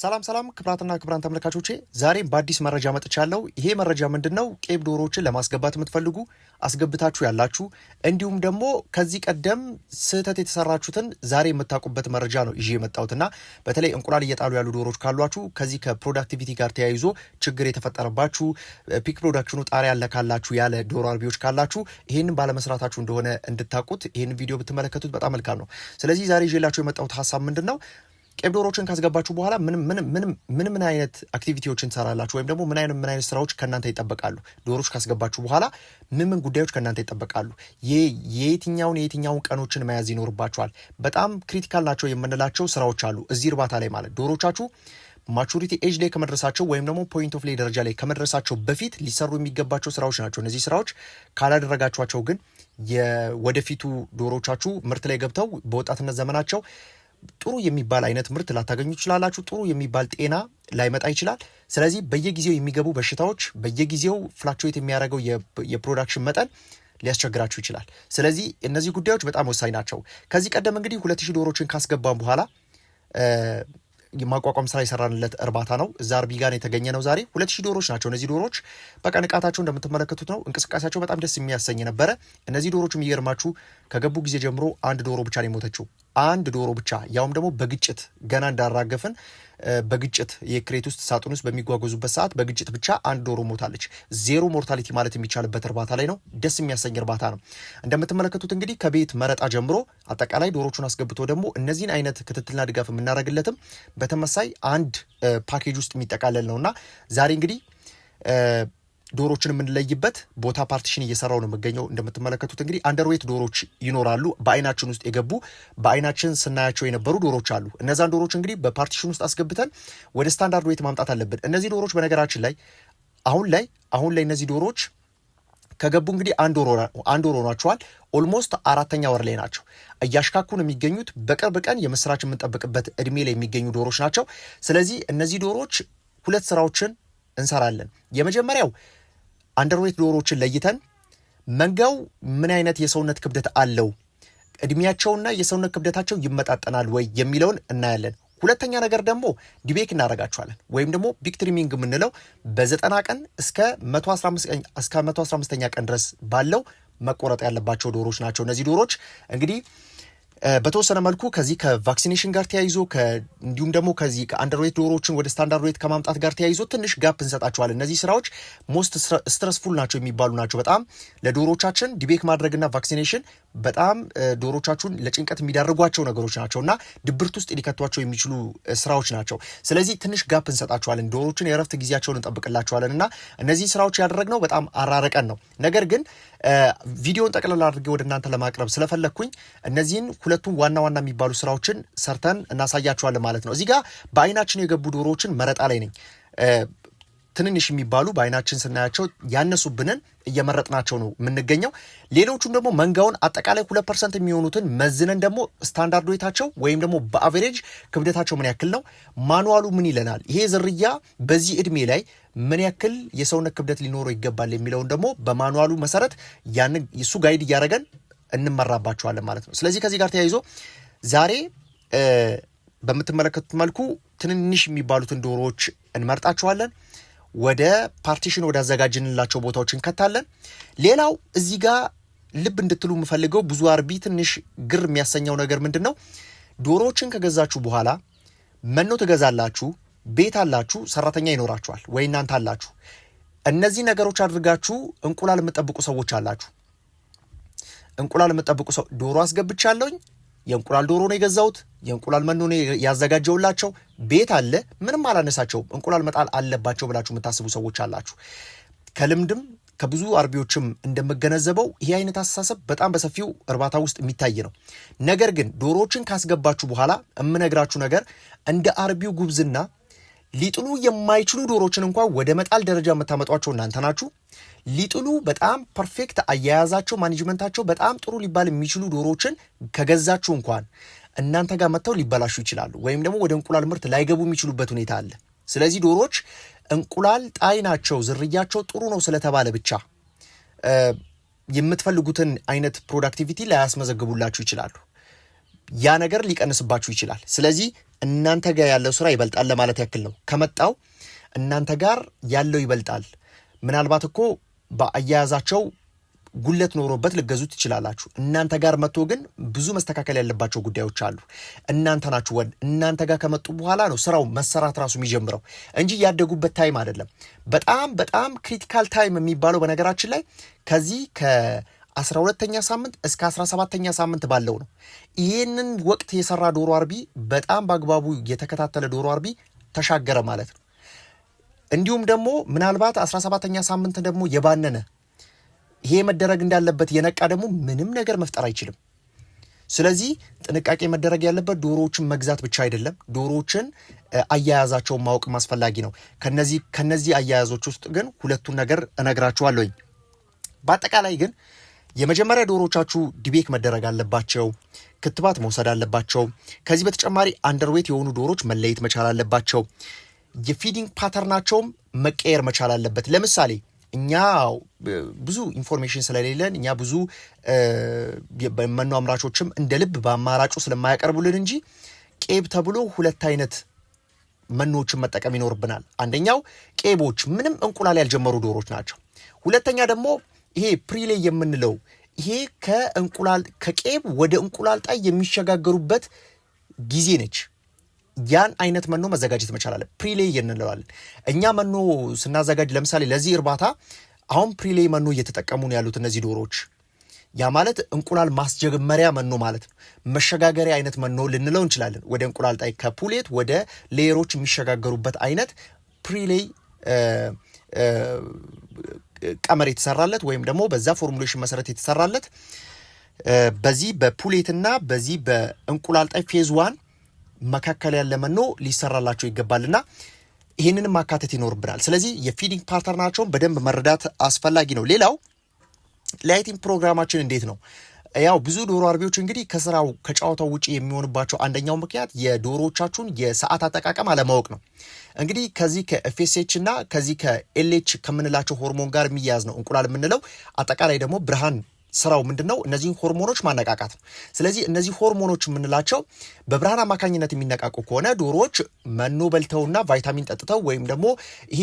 ሰላም ሰላም ክብራትና ክብራን ተመልካቾቼ ዛሬም በአዲስ መረጃ መጥቻለሁ። ይሄ መረጃ ምንድን ነው? ቄብ ዶሮዎችን ለማስገባት የምትፈልጉ አስገብታችሁ ያላችሁ እንዲሁም ደግሞ ከዚህ ቀደም ስህተት የተሰራችሁትን ዛሬ የምታውቁበት መረጃ ነው ይዤ የመጣሁትና በተለይ እንቁላል እየጣሉ ያሉ ዶሮዎች ካሏችሁ ከዚህ ከፕሮዳክቲቪቲ ጋር ተያይዞ ችግር የተፈጠረባችሁ ፒክ ፕሮዳክሽኑ ጣሪያ ያለ ካላችሁ ያለ ዶሮ አርቢዎች ካላችሁ ይህንን ባለመስራታችሁ እንደሆነ እንድታውቁት ይህን ቪዲዮ ብትመለከቱት በጣም መልካም ነው። ስለዚህ ዛሬ ይዤላችሁ የመጣሁት ሀሳብ ምንድን ነው ቄብ ዶሮችን ካስገባችሁ በኋላ ምን ምን አይነት አክቲቪቲዎችን ትሰራላችሁ? ወይም ደግሞ ምን አይነት ምን አይነት ስራዎች ከእናንተ ይጠበቃሉ? ዶሮች ካስገባችሁ በኋላ ምን ምን ጉዳዮች ከእናንተ ይጠበቃሉ? የየትኛውን የየትኛውን ቀኖችን መያዝ ይኖርባችኋል? በጣም ክሪቲካል ናቸው የምንላቸው ስራዎች አሉ እዚህ እርባታ ላይ ማለት ዶሮቻችሁ ማቹሪቲ ኤጅ ላይ ከመድረሳቸው ወይም ደግሞ ፖይንት ኦፍ ላይ ደረጃ ላይ ከመድረሳቸው በፊት ሊሰሩ የሚገባቸው ስራዎች ናቸው። እነዚህ ስራዎች ካላደረጋችኋቸው ግን ወደፊቱ ዶሮቻችሁ ምርት ላይ ገብተው በወጣትነት ዘመናቸው ጥሩ የሚባል አይነት ምርት ላታገኙ ትችላላችሁ። ጥሩ የሚባል ጤና ላይመጣ ይችላል። ስለዚህ በየጊዜው የሚገቡ በሽታዎች፣ በየጊዜው ፍላክቹዌት የሚያደርገው የፕሮዳክሽን መጠን ሊያስቸግራችሁ ይችላል። ስለዚህ እነዚህ ጉዳዮች በጣም ወሳኝ ናቸው። ከዚህ ቀደም እንግዲህ ሁለት ሺህ ዶሮችን ካስገባን በኋላ የማቋቋም ስራ የሰራንለት እርባታ ነው። እዛ አርቢ ጋር የተገኘ ነው። ዛሬ ሁለት ሺህ ዶሮች ናቸው። እነዚህ ዶሮች በቃ ንቃታቸው እንደምትመለከቱት ነው። እንቅስቃሴያቸው በጣም ደስ የሚያሰኝ ነበረ። እነዚህ ዶሮች የሚገርማችሁ ከገቡ ጊዜ ጀምሮ አንድ ዶሮ ብቻ ነው የሞተችው። አንድ ዶሮ ብቻ ያውም ደግሞ በግጭት ገና እንዳራገፍን በግጭት የክሬት ውስጥ ሳጥን ውስጥ በሚጓጓዙበት ሰዓት በግጭት ብቻ አንድ ዶሮ ሞታለች። ዜሮ ሞርታሊቲ ማለት የሚቻልበት እርባታ ላይ ነው። ደስ የሚያሰኝ እርባታ ነው። እንደምትመለከቱት እንግዲህ ከቤት መረጣ ጀምሮ አጠቃላይ ዶሮቹን አስገብቶ ደግሞ እነዚህን አይነት ክትትልና ድጋፍ የምናደርግለትም በተመሳይ አንድ ፓኬጅ ውስጥ የሚጠቃለል ነው እና ዛሬ እንግዲህ ዶሮችን የምንለይበት ቦታ ፓርቲሽን እየሰራው ነው የምገኘው። እንደምትመለከቱት እንግዲህ አንደርዌት ዶሮች ይኖራሉ። በአይናችን ውስጥ የገቡ በአይናችን ስናያቸው የነበሩ ዶሮች አሉ። እነዛን ዶሮች እንግዲህ በፓርቲሽን ውስጥ አስገብተን ወደ ስታንዳርድ ዌት ማምጣት አለብን። እነዚህ ዶሮች በነገራችን ላይ አሁን ላይ አሁን ላይ እነዚህ ዶሮች ከገቡ እንግዲህ አንድ ወር ሆኗቸዋል። ኦልሞስት አራተኛ ወር ላይ ናቸው። እያሽካኩን የሚገኙት በቅርብ ቀን የምስራች የምንጠብቅበት እድሜ ላይ የሚገኙ ዶሮች ናቸው። ስለዚህ እነዚህ ዶሮች ሁለት ስራዎችን እንሰራለን። የመጀመሪያው አንደርዌት ዶሮዎችን ለይተን መንጋው ምን አይነት የሰውነት ክብደት አለው፣ እድሜያቸውና የሰውነት ክብደታቸው ይመጣጠናል ወይ የሚለውን እናያለን። ሁለተኛ ነገር ደግሞ ዲቤክ እናደርጋቸዋለን ወይም ደግሞ ቢግ ትሪሚንግ የምንለው በዘጠና ቀን እስከ 115ኛ ቀን ድረስ ባለው መቆረጥ ያለባቸው ዶሮች ናቸው። እነዚህ ዶሮች እንግዲህ በተወሰነ መልኩ ከዚህ ከቫክሲኔሽን ጋር ተያይዞ እንዲሁም ደግሞ ከዚህ ከአንደር ዌት ዶሮዎችን ወደ ስታንዳርድ ዌት ከማምጣት ጋር ተያይዞ ትንሽ ጋፕ እንሰጣቸዋለን እነዚህ ስራዎች ሞስት ስትረስፉል ናቸው የሚባሉ ናቸው። በጣም ለዶሮቻችን ዲቤክ ማድረግና ቫክሲኔሽን በጣም ዶሮቻችሁን ለጭንቀት የሚዳርጓቸው ነገሮች ናቸው እና ድብርት ውስጥ ሊከቷቸው የሚችሉ ስራዎች ናቸው። ስለዚህ ትንሽ ጋፕ እንሰጣቸዋለን። ዶሮችን የረፍት ጊዜያቸውን እንጠብቅላቸዋለን እና እነዚህ ስራዎች ያደረግነው በጣም አራረቀን ነው ነገር ግን ቪዲዮን ጠቅለል አድርጌ ወደ እናንተ ለማቅረብ ስለፈለግኩኝ እነዚህን ሁለቱም ዋና ዋና የሚባሉ ስራዎችን ሰርተን እናሳያችኋለን ማለት ነው። እዚህ ጋር በአይናችን የገቡ ዶሮዎችን መረጣ ላይ ነኝ። ትንንሽ የሚባሉ በአይናችን ስናያቸው ያነሱብንን እየመረጥናቸው ነው የምንገኘው። ሌሎቹን ደግሞ መንጋውን አጠቃላይ ሁለት ፐርሰንት የሚሆኑትን መዝነን ደግሞ ስታንዳርድ ዌታቸው ወይም ደግሞ በአቬሬጅ ክብደታቸው ምን ያክል ነው፣ ማኑዋሉ ምን ይለናል፣ ይሄ ዝርያ በዚህ እድሜ ላይ ምን ያክል የሰውነት ክብደት ሊኖረው ይገባል የሚለውን ደግሞ በማኑዋሉ መሰረት ያን እሱ ጋይድ እያደረገን እንመራባቸዋለን ማለት ነው። ስለዚህ ከዚህ ጋር ተያይዞ ዛሬ በምትመለከቱት መልኩ ትንንሽ የሚባሉትን ዶሮዎች እንመርጣቸዋለን። ወደ ፓርቲሽን ወደ አዘጋጅንላቸው ቦታዎች እንከታለን። ሌላው እዚህ ጋር ልብ እንድትሉ የምፈልገው ብዙ አርቢ ትንሽ ግር የሚያሰኘው ነገር ምንድን ነው? ዶሮዎችን ከገዛችሁ በኋላ መኖ ትገዛላችሁ፣ ቤት አላችሁ፣ ሰራተኛ ይኖራችኋል ወይ እናንተ አላችሁ። እነዚህ ነገሮች አድርጋችሁ እንቁላል የምጠብቁ ሰዎች አላችሁ። እንቁላል የምጠብቁ ሰው ዶሮ አስገብቻለሁኝ የእንቁላል ዶሮ ነው የገዛሁት። የእንቁላል መኖ ነው ያዘጋጀውላቸው። ቤት አለ፣ ምንም አላነሳቸውም። እንቁላል መጣል አለባቸው ብላችሁ የምታስቡ ሰዎች አላችሁ። ከልምድም ከብዙ አርቢዎችም እንደምገነዘበው ይህ አይነት አስተሳሰብ በጣም በሰፊው እርባታ ውስጥ የሚታይ ነው። ነገር ግን ዶሮዎችን ካስገባችሁ በኋላ የምነግራችሁ ነገር እንደ አርቢው ጉብዝና ሊጥሉ የማይችሉ ዶሮችን እንኳን ወደ መጣል ደረጃ የምታመጧቸው እናንተ ናችሁ። ሊጥሉ በጣም ፐርፌክት አያያዛቸው፣ ማኔጅመንታቸው በጣም ጥሩ ሊባል የሚችሉ ዶሮችን ከገዛችሁ እንኳን እናንተ ጋር መጥተው ሊበላሹ ይችላሉ፣ ወይም ደግሞ ወደ እንቁላል ምርት ላይገቡ የሚችሉበት ሁኔታ አለ። ስለዚህ ዶሮዎች እንቁላል ጣይ ናቸው፣ ዝርያቸው ጥሩ ነው ስለተባለ ብቻ የምትፈልጉትን አይነት ፕሮዳክቲቪቲ ላያስመዘግቡላችሁ ይችላሉ። ያ ነገር ሊቀንስባችሁ ይችላል። ስለዚህ እናንተ ጋር ያለው ስራ ይበልጣል ለማለት ያክል ነው። ከመጣው እናንተ ጋር ያለው ይበልጣል። ምናልባት እኮ በአያያዛቸው ጉለት ኖሮበት ልገዙት ትችላላችሁ። እናንተ ጋር መጥቶ ግን ብዙ መስተካከል ያለባቸው ጉዳዮች አሉ። እናንተ ናችሁ ወድ እናንተ ጋር ከመጡ በኋላ ነው ስራው መሰራት ራሱ የሚጀምረው እንጂ ያደጉበት ታይም አይደለም። በጣም በጣም ክሪቲካል ታይም የሚባለው በነገራችን ላይ ከዚህ 12 ሁለተኛ ሳምንት እስከ አስራ ሰባተኛ ሳምንት ባለው ነው። ይህንን ወቅት የሰራ ዶሮ አርቢ በጣም በአግባቡ የተከታተለ ዶሮ አርቢ ተሻገረ ማለት ነው። እንዲሁም ደግሞ ምናልባት አስራ ሰባተኛ ሳምንት ደግሞ የባነነ ይሄ መደረግ እንዳለበት የነቃ ደግሞ ምንም ነገር መፍጠር አይችልም። ስለዚህ ጥንቃቄ መደረግ ያለበት ዶሮዎችን መግዛት ብቻ አይደለም፣ ዶሮዎችን አያያዛቸውን ማወቅ አስፈላጊ ነው። ከነዚህ ከነዚህ አያያዞች ውስጥ ግን ሁለቱን ነገር እነግራችኋለሁኝ። በአጠቃላይ ግን የመጀመሪያ ዶሮቻችሁ ዲቤክ መደረግ አለባቸው፣ ክትባት መውሰድ አለባቸው። ከዚህ በተጨማሪ አንደርዌት የሆኑ ዶሮች መለየት መቻል አለባቸው። የፊዲንግ ፓተርናቸውም መቀየር መቻል አለበት። ለምሳሌ እኛ ብዙ ኢንፎርሜሽን ስለሌለን እኛ ብዙ መኖ አምራቾችም እንደ ልብ በአማራጩ ስለማያቀርቡልን እንጂ ቄብ ተብሎ ሁለት አይነት መኖዎችን መጠቀም ይኖርብናል። አንደኛው ቄቦች ምንም እንቁላል ያልጀመሩ ዶሮች ናቸው። ሁለተኛ ደግሞ ይሄ ፕሪሌ የምንለው ይሄ ከእንቁላል ከቄብ ወደ እንቁላል ጣይ የሚሸጋገሩበት ጊዜ ነች። ያን አይነት መኖ መዘጋጀት መቻላለ ፕሪሌ እንለዋለን። እኛ መኖ ስናዘጋጅ ለምሳሌ ለዚህ እርባታ አሁን ፕሪሌ መኖ እየተጠቀሙ ነው ያሉት እነዚህ ዶሮዎች። ያ ማለት እንቁላል ማስጀመሪያ መኖ ማለት ነው። መሸጋገሪያ አይነት መኖ ልንለው እንችላለን። ወደ እንቁላል ጣይ ከፑሌት ወደ ሌየሮች የሚሸጋገሩበት አይነት ፕሪሌይ ቀመር የተሰራለት ወይም ደግሞ በዛ ፎርሙሌሽን መሰረት የተሰራለት በዚህ በፑሌትና በዚህ ጣይ ፌዝ ዋን መካከል ያለ መኖ ሊሰራላቸው ይገባልና ይህንንም ማካተት ይኖርብናል። ስለዚህ የፊዲንግ ፓተርናቸውን በደንብ መረዳት አስፈላጊ ነው። ሌላው ላይቲንግ ፕሮግራማችን እንዴት ነው? ያው ብዙ ዶሮ አርቢዎች እንግዲህ ከስራው ከጨዋታው ውጭ የሚሆንባቸው አንደኛው ምክንያት የዶሮዎቻችሁን የሰዓት አጠቃቀም አለማወቅ ነው። እንግዲህ ከዚህ ከኤፍኤስኤች እና ከዚህ ከኤልኤች ከምንላቸው ሆርሞን ጋር የሚያያዝ ነው እንቁላል የምንለው። አጠቃላይ ደግሞ ብርሃን ስራው ምንድን ነው? እነዚህን ሆርሞኖች ማነቃቃት ነው። ስለዚህ እነዚህ ሆርሞኖች የምንላቸው በብርሃን አማካኝነት የሚነቃቁ ከሆነ ዶሮዎች መኖ በልተውና ቫይታሚን ጠጥተው ወይም ደግሞ ይሄ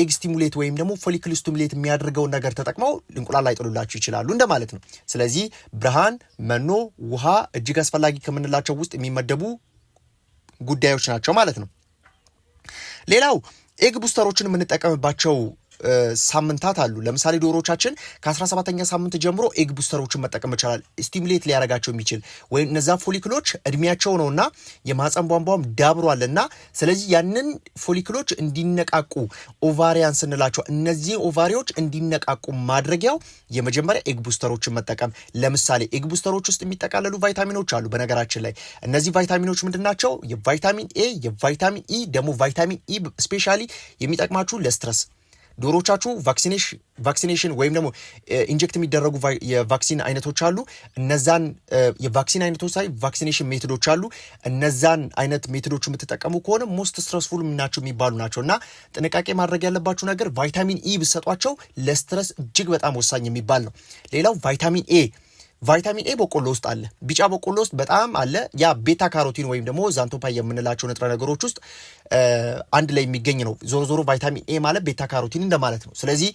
ኤግ ስቲሙሌት ወይም ደግሞ ፎሊክል ስቲሙሌት የሚያደርገውን ነገር ተጠቅመው እንቁላል ላይጥሉላችሁ ይችላሉ እንደማለት ነው። ስለዚህ ብርሃን፣ መኖ፣ ውሃ እጅግ አስፈላጊ ከምንላቸው ውስጥ የሚመደቡ ጉዳዮች ናቸው ማለት ነው። ሌላው ኤግ ቡስተሮችን የምንጠቀምባቸው ሳምንታት አሉ። ለምሳሌ ዶሮቻችን ከ17ኛ ሳምንት ጀምሮ ኤግ ቡስተሮችን መጠቀም ይቻላል። ስቲሙሌት ሊያደርጋቸው የሚችል ወይም እነዛ ፎሊክሎች እድሜያቸው ነውና የማፀን ቧንቧም ዳብሯል እና ስለዚህ ያንን ፎሊክሎች እንዲነቃቁ ኦቫሪያን ስንላቸው እነዚህ ኦቫሪዎች እንዲነቃቁ ማድረጊያው የመጀመሪያ ኤግ ቡስተሮችን መጠቀም። ለምሳሌ ኤግ ቡስተሮች ውስጥ የሚጠቃለሉ ቫይታሚኖች አሉ። በነገራችን ላይ እነዚህ ቫይታሚኖች ምንድን ናቸው? የቫይታሚን ኤ፣ የቫይታሚን ኢ ደግሞ ቫይታሚን ኢ ስፔሻሊ የሚጠቅማችሁ ለስትረስ ዶሮቻችሁ ቫክሲኔሽን ወይም ደግሞ ኢንጀክት የሚደረጉ የቫክሲን አይነቶች አሉ። እነዛን የቫክሲን አይነቶች ሳይ ቫክሲኔሽን ሜቶዶች አሉ። እነዛን አይነት ሜቶዶች የምትጠቀሙ ከሆነ ሞስት ስትረስፉል ምናቸው የሚባሉ ናቸው እና ጥንቃቄ ማድረግ ያለባችሁ ነገር ቫይታሚን ኢ e ብሰጧቸው ለስትረስ እጅግ በጣም ወሳኝ የሚባል ነው። ሌላው ቫይታሚን ኤ ቫይታሚን ኤ በቆሎ ውስጥ አለ፣ ቢጫ በቆሎ ውስጥ በጣም አለ። ያ ቤታ ካሮቲን ወይም ደግሞ ዛንቶፓ የምንላቸው ንጥረ ነገሮች ውስጥ አንድ ላይ የሚገኝ ነው። ዞሮ ዞሮ ቫይታሚን ኤ ማለት ቤታ ካሮቲን እንደማለት ነው። ስለዚህ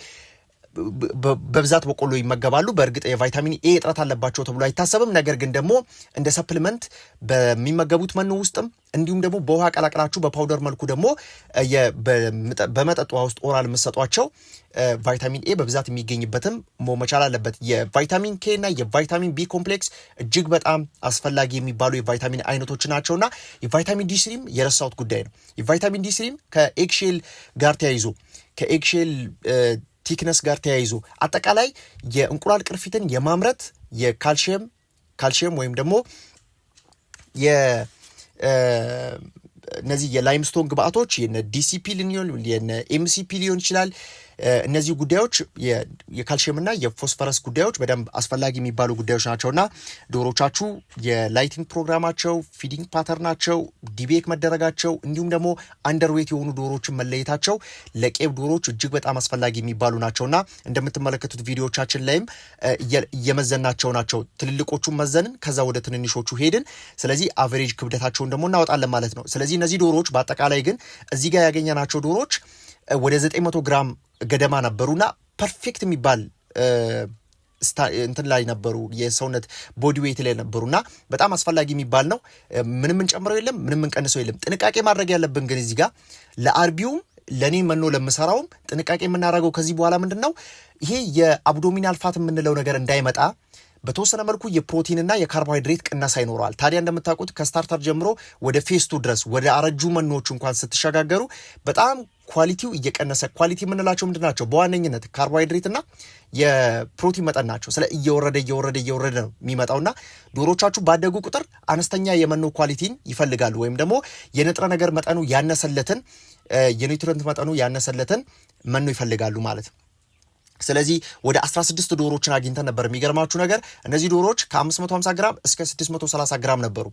በብዛት በቆሎ ይመገባሉ። በእርግጥ የቫይታሚን ኤ እጥረት አለባቸው ተብሎ አይታሰብም። ነገር ግን ደግሞ እንደ ሰፕልመንት በሚመገቡት መኖ ውስጥም እንዲሁም ደግሞ በውሃ ቀላቅላችሁ በፓውደር መልኩ ደግሞ በመጠጥ ውሃ ውስጥ ኦራል የምትሰጧቸው ቫይታሚን ኤ በብዛት የሚገኝበትም መቻል አለበት። የቫይታሚን ኬ እና የቫይታሚን ቢ ኮምፕሌክስ እጅግ በጣም አስፈላጊ የሚባሉ የቫይታሚን አይነቶች ናቸውና የቫይታሚን ዲስሪም የረሳሁት ጉዳይ ነው። የቫይታሚን ዲስሪም ከኤግሼል ጋር ተያይዞ ከኤግሼል ቲክነስ ጋር ተያይዞ አጠቃላይ የእንቁላል ቅርፊትን የማምረት የካልሽየም ካልሽየም ወይም ደግሞ እነዚህ የላይምስቶን ግብአቶች የነ ዲሲፒ ሊሆን የነ ኤምሲፒ ሊሆን ይችላል እነዚህ ጉዳዮች የካልሽየምና የፎስፈረስ ጉዳዮች በደንብ አስፈላጊ የሚባሉ ጉዳዮች እና ዶሮቻችሁ የላይቲንግ ፕሮግራማቸው፣ ፊዲንግ ፓተርናቸው፣ ዲቤክ መደረጋቸው እንዲሁም ደግሞ አንደርዌት የሆኑ ዶሮችን መለየታቸው ለቄብ ዶሮች እጅግ በጣም አስፈላጊ የሚባሉ ናቸውና እንደምትመለከቱት ቪዲዮቻችን ላይም እየመዘናቸው ናቸው። ትልልቆቹን መዘንን፣ ከዛ ወደ ትንንሾቹ ሄድን። ስለዚህ አቨሬጅ ክብደታቸውን ደግሞ እናወጣለን ማለት ነው። ስለዚህ እነዚህ ዶሮዎች በአጠቃላይ ግን እዚህ ጋር ያገኘናቸው ዶሮዎች ወደ 900 ግራም ገደማ ነበሩና ፐርፌክት የሚባል እንትን ላይ ነበሩ የሰውነት ቦዲ ዌይት ላይ ነበሩና በጣም አስፈላጊ የሚባል ነው። ምንም እንጨምረው የለም ምንም እንቀንሰው የለም። ጥንቃቄ ማድረግ ያለብን ግን እዚህ ጋር ለአርቢውም ለእኔ መኖ ለምሰራውም ጥንቃቄ የምናደርገው ከዚህ በኋላ ምንድን ነው ይሄ የአብዶሚናል ፋት የምንለው ነገር እንዳይመጣ በተወሰነ መልኩ የፕሮቲንና የካርቦሃይድሬት ቅነሳ ይኖረዋል። ታዲያ እንደምታውቁት ከስታርተር ጀምሮ ወደ ፌስቱ ድረስ ወደ አረጁ መኖቹ እንኳን ስትሸጋገሩ በጣም ኳሊቲው እየቀነሰ ኳሊቲ የምንላቸው ምንድን ናቸው? በዋነኝነት ካርቦሃይድሬትና የፕሮቲን መጠን ናቸው። ስለ እየወረደ እየወረደ እየወረደ ነው የሚመጣውና ዶሮቻችሁ ባደጉ ቁጥር አነስተኛ የመኖ ኳሊቲን ይፈልጋሉ ወይም ደግሞ የንጥረ ነገር መጠኑ ያነሰለትን የኒውትሪንት መጠኑ ያነሰለትን መኖ ይፈልጋሉ ማለት ነው። ስለዚህ ወደ 16 ዶሮችን አግኝተን ነበር። የሚገርማችሁ ነገር እነዚህ ዶሮዎች ከ550 ግራም እስከ 630 ግራም ነበሩ።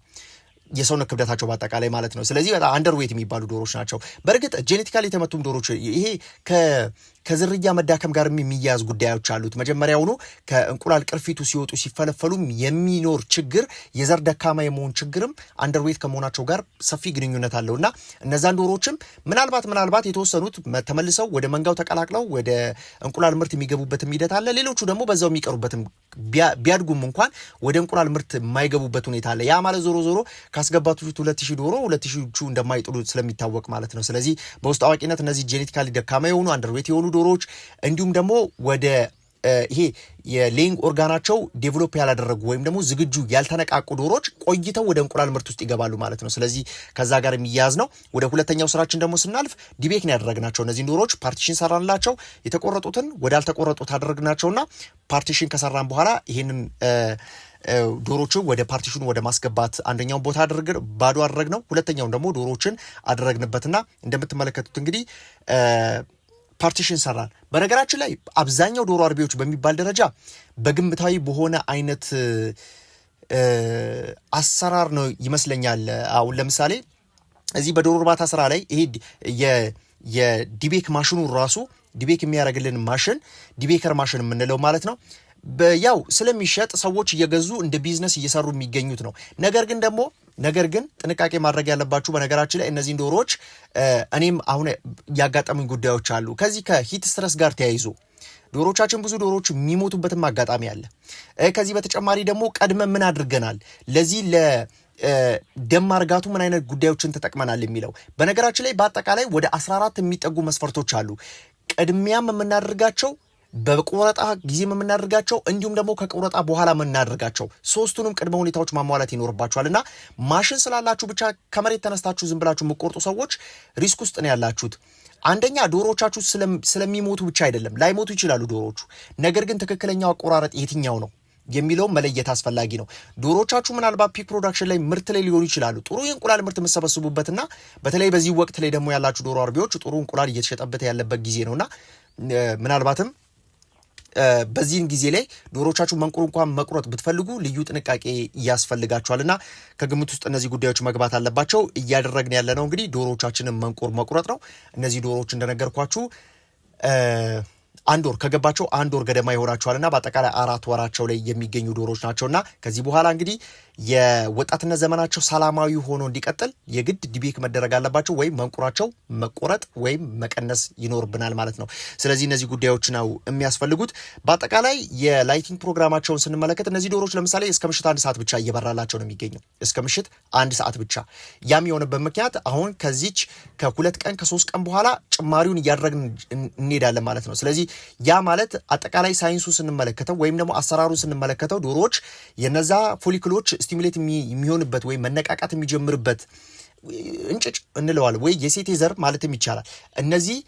የሰውነት ክብደታቸው በአጠቃላይ ማለት ነው። ስለዚህ በጣም አንደርዌት የሚባሉ ዶሮች ናቸው። በእርግጥ ጄኔቲካሊ የተመቱም ዶሮች ይሄ ከዝርያ መዳከም ጋርም የሚያያዝ ጉዳዮች አሉት። መጀመሪያውኑ ከእንቁላል ቅርፊቱ ሲወጡ ሲፈለፈሉም የሚኖር ችግር የዘር ደካማ የመሆን ችግርም አንደርዌት ከመሆናቸው ጋር ሰፊ ግንኙነት አለው እና እነዛን ዶሮዎችም ምናልባት ምናልባት የተወሰኑት ተመልሰው ወደ መንጋው ተቀላቅለው ወደ እንቁላል ምርት የሚገቡበትም ሂደት አለ። ሌሎቹ ደግሞ በዛው የሚቀሩበትም ቢያድጉም እንኳን ወደ እንቁላል ምርት የማይገቡበት ሁኔታ አለ። ያ ማለት ዞሮ ዞሮ ካስገባቱት ሁለት ሺህ ዶሮ ሁለት ሺዎቹ እንደማይጥሉ ስለሚታወቅ ማለት ነው። ስለዚህ በውስጥ አዋቂነት እነዚህ ጄኔቲካሊ ደካማ የሆኑ አንደርዌት የሆኑ ዶሮዎች እንዲሁም ደግሞ ወደ ይሄ የሌንግ ኦርጋናቸው ዴቨሎፕ ያላደረጉ ወይም ደግሞ ዝግጁ ያልተነቃቁ ዶሮዎች ቆይተው ወደ እንቁላል ምርት ውስጥ ይገባሉ ማለት ነው። ስለዚህ ከዛ ጋር የሚያያዝ ነው። ወደ ሁለተኛው ስራችን ደግሞ ስናልፍ ዲቤክን ነው ያደረግናቸው። እነዚህን ዶሮዎች ፓርቲሽን ሰራንላቸው። የተቆረጡትን ወደ አልተቆረጡት አደረግናቸውና ፓርቲሽን ከሰራን በኋላ ይህንን ዶሮችን ወደ ፓርቲሽኑ ወደ ማስገባት አንደኛውን ቦታ አድርግ ባዶ አድረግ ነው። ሁለተኛውን ደግሞ ዶሮዎችን አደረግንበትና እንደምትመለከቱት እንግዲህ ፓርቲሽን ሰራን። በነገራችን ላይ አብዛኛው ዶሮ አርቢዎች በሚባል ደረጃ በግምታዊ በሆነ አይነት አሰራር ነው ይመስለኛል። አሁን ለምሳሌ እዚህ በዶሮ እርባታ ስራ ላይ ይሄ የዲቤክ ማሽኑ ራሱ ዲቤክ የሚያደርግልን ማሽን ዲቤከር ማሽን የምንለው ማለት ነው ያው ስለሚሸጥ ሰዎች እየገዙ እንደ ቢዝነስ እየሰሩ የሚገኙት ነው። ነገር ግን ደግሞ ነገር ግን ጥንቃቄ ማድረግ ያለባችሁ በነገራችን ላይ እነዚህን ዶሮዎች እኔም አሁን ያጋጠሙኝ ጉዳዮች አሉ። ከዚህ ከሂት ስትረስ ጋር ተያይዞ ዶሮቻችን ብዙ ዶሮዎች የሚሞቱበትም አጋጣሚ አለ። ከዚህ በተጨማሪ ደግሞ ቀድመ ምን አድርገናል ለዚህ ለ ደም ማርጋቱ ምን አይነት ጉዳዮችን ተጠቅመናል የሚለው በነገራችን ላይ በአጠቃላይ ወደ 14 የሚጠጉ መስፈርቶች አሉ። ቅድሚያም የምናደርጋቸው በቁረጣ ጊዜ የምናደርጋቸው እንዲሁም ደግሞ ከቁረጣ በኋላ የምናደርጋቸው ሶስቱንም ቅድመ ሁኔታዎች ማሟላት ይኖርባቸዋል እና ማሽን ስላላችሁ ብቻ ከመሬት ተነስታችሁ ዝም ብላችሁ የምቆርጡ ሰዎች ሪስክ ውስጥ ነው ያላችሁት። አንደኛ ዶሮዎቻችሁ ስለሚሞቱ ብቻ አይደለም፣ ላይሞቱ ይችላሉ ዶሮዎቹ። ነገር ግን ትክክለኛው አቆራረጥ የትኛው ነው የሚለው መለየት አስፈላጊ ነው። ዶሮቻችሁ ምናልባት ፒክ ፕሮዳክሽን ላይ ምርት ላይ ሊሆኑ ይችላሉ። ጥሩ የእንቁላል ምርት የምሰበስቡበትና በተለይ በዚህ ወቅት ላይ ደግሞ ያላችሁ ዶሮ አርቢዎች ጥሩ እንቁላል እየተሸጠበት ያለበት ጊዜ ነውና ምናልባትም በዚህን ጊዜ ላይ ዶሮቻችሁ መንቁር እንኳን መቁረጥ ብትፈልጉ ልዩ ጥንቃቄ ያስፈልጋችኋልና ከግምት ውስጥ እነዚህ ጉዳዮች መግባት አለባቸው። እያደረግን ያለ ነው እንግዲህ ዶሮቻችንን መንቁር መቁረጥ ነው። እነዚህ ዶሮዎች እንደነገርኳችሁ አንድ ወር ከገባቸው አንድ ወር ገደማ ይሆናቸዋልና በአጠቃላይ አራት ወራቸው ላይ የሚገኙ ዶሮዎች ናቸውና ከዚህ በኋላ እንግዲህ የወጣትነት ዘመናቸው ሰላማዊ ሆኖ እንዲቀጥል የግድ ዲቤክ መደረግ አለባቸው ወይም መንቁራቸው መቆረጥ ወይም መቀነስ ይኖርብናል ማለት ነው። ስለዚህ እነዚህ ጉዳዮች ነው የሚያስፈልጉት። በአጠቃላይ የላይቲንግ ፕሮግራማቸውን ስንመለከት እነዚህ ዶሮች ለምሳሌ እስከ ምሽት አንድ ሰዓት ብቻ እየበራላቸው ነው የሚገኘው። እስከ ምሽት አንድ ሰዓት ብቻ። ያም የሆነበት ምክንያት አሁን ከዚች ከሁለት ቀን ከሶስት ቀን በኋላ ጭማሪውን እያደረግን እንሄዳለን ማለት ነው። ስለዚህ ያ ማለት አጠቃላይ ሳይንሱ ስንመለከተው ወይም ደግሞ አሰራሩ ስንመለከተው ዶሮዎች የነዛ ፎሊክሎች ስቲሙሌት የሚሆንበት ወይም መነቃቃት የሚጀምርበት እንጭጭ እንለዋል ወይ የሴቴ ዘር ማለትም ይቻላል። እነዚህ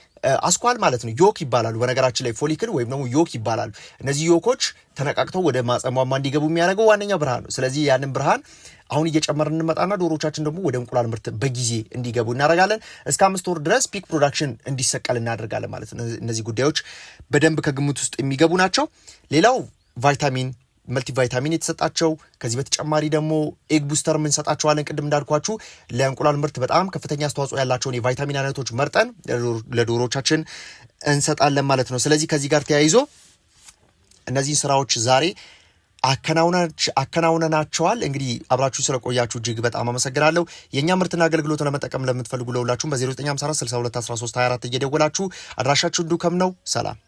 አስኳል ማለት ነው ዮክ ይባላሉ። በነገራችን ላይ ፎሊክል ወይም ደግሞ ዮክ ይባላሉ። እነዚህ ዮኮች ተነቃቅተው ወደ ማጸሟማ እንዲገቡ የሚያደርገው ዋነኛው ብርሃን ነው። ስለዚህ ያንን ብርሃን አሁን እየጨመረ እንመጣና ዶሮቻችን ደግሞ ወደ እንቁላል ምርት በጊዜ እንዲገቡ እናደርጋለን። እስከ አምስት ወር ድረስ ፒክ ፕሮዳክሽን እንዲሰቀል እናደርጋለን ማለት ነው። እነዚህ ጉዳዮች በደንብ ከግምት ውስጥ የሚገቡ ናቸው። ሌላው ቫይታሚን መልቲቫይታሚን የተሰጣቸው ከዚህ በተጨማሪ ደግሞ ኤግ ቡስተር እንሰጣቸዋለን። ቅድም እንዳልኳችሁ ለእንቁላል ምርት በጣም ከፍተኛ አስተዋጽኦ ያላቸውን የቫይታሚን አይነቶች መርጠን ለዶሮቻችን እንሰጣለን ማለት ነው። ስለዚህ ከዚህ ጋር ተያይዞ እነዚህን ስራዎች ዛሬ አከናውነናቸዋል። እንግዲህ አብራችሁ ስለቆያችሁ እጅግ በጣም አመሰግናለሁ። የእኛ ምርትና አገልግሎት ለመጠቀም ለምትፈልጉ ለሁላችሁም በ0954 6213 እየደወላችሁ አድራሻችሁ ዱከም ነው። ሰላም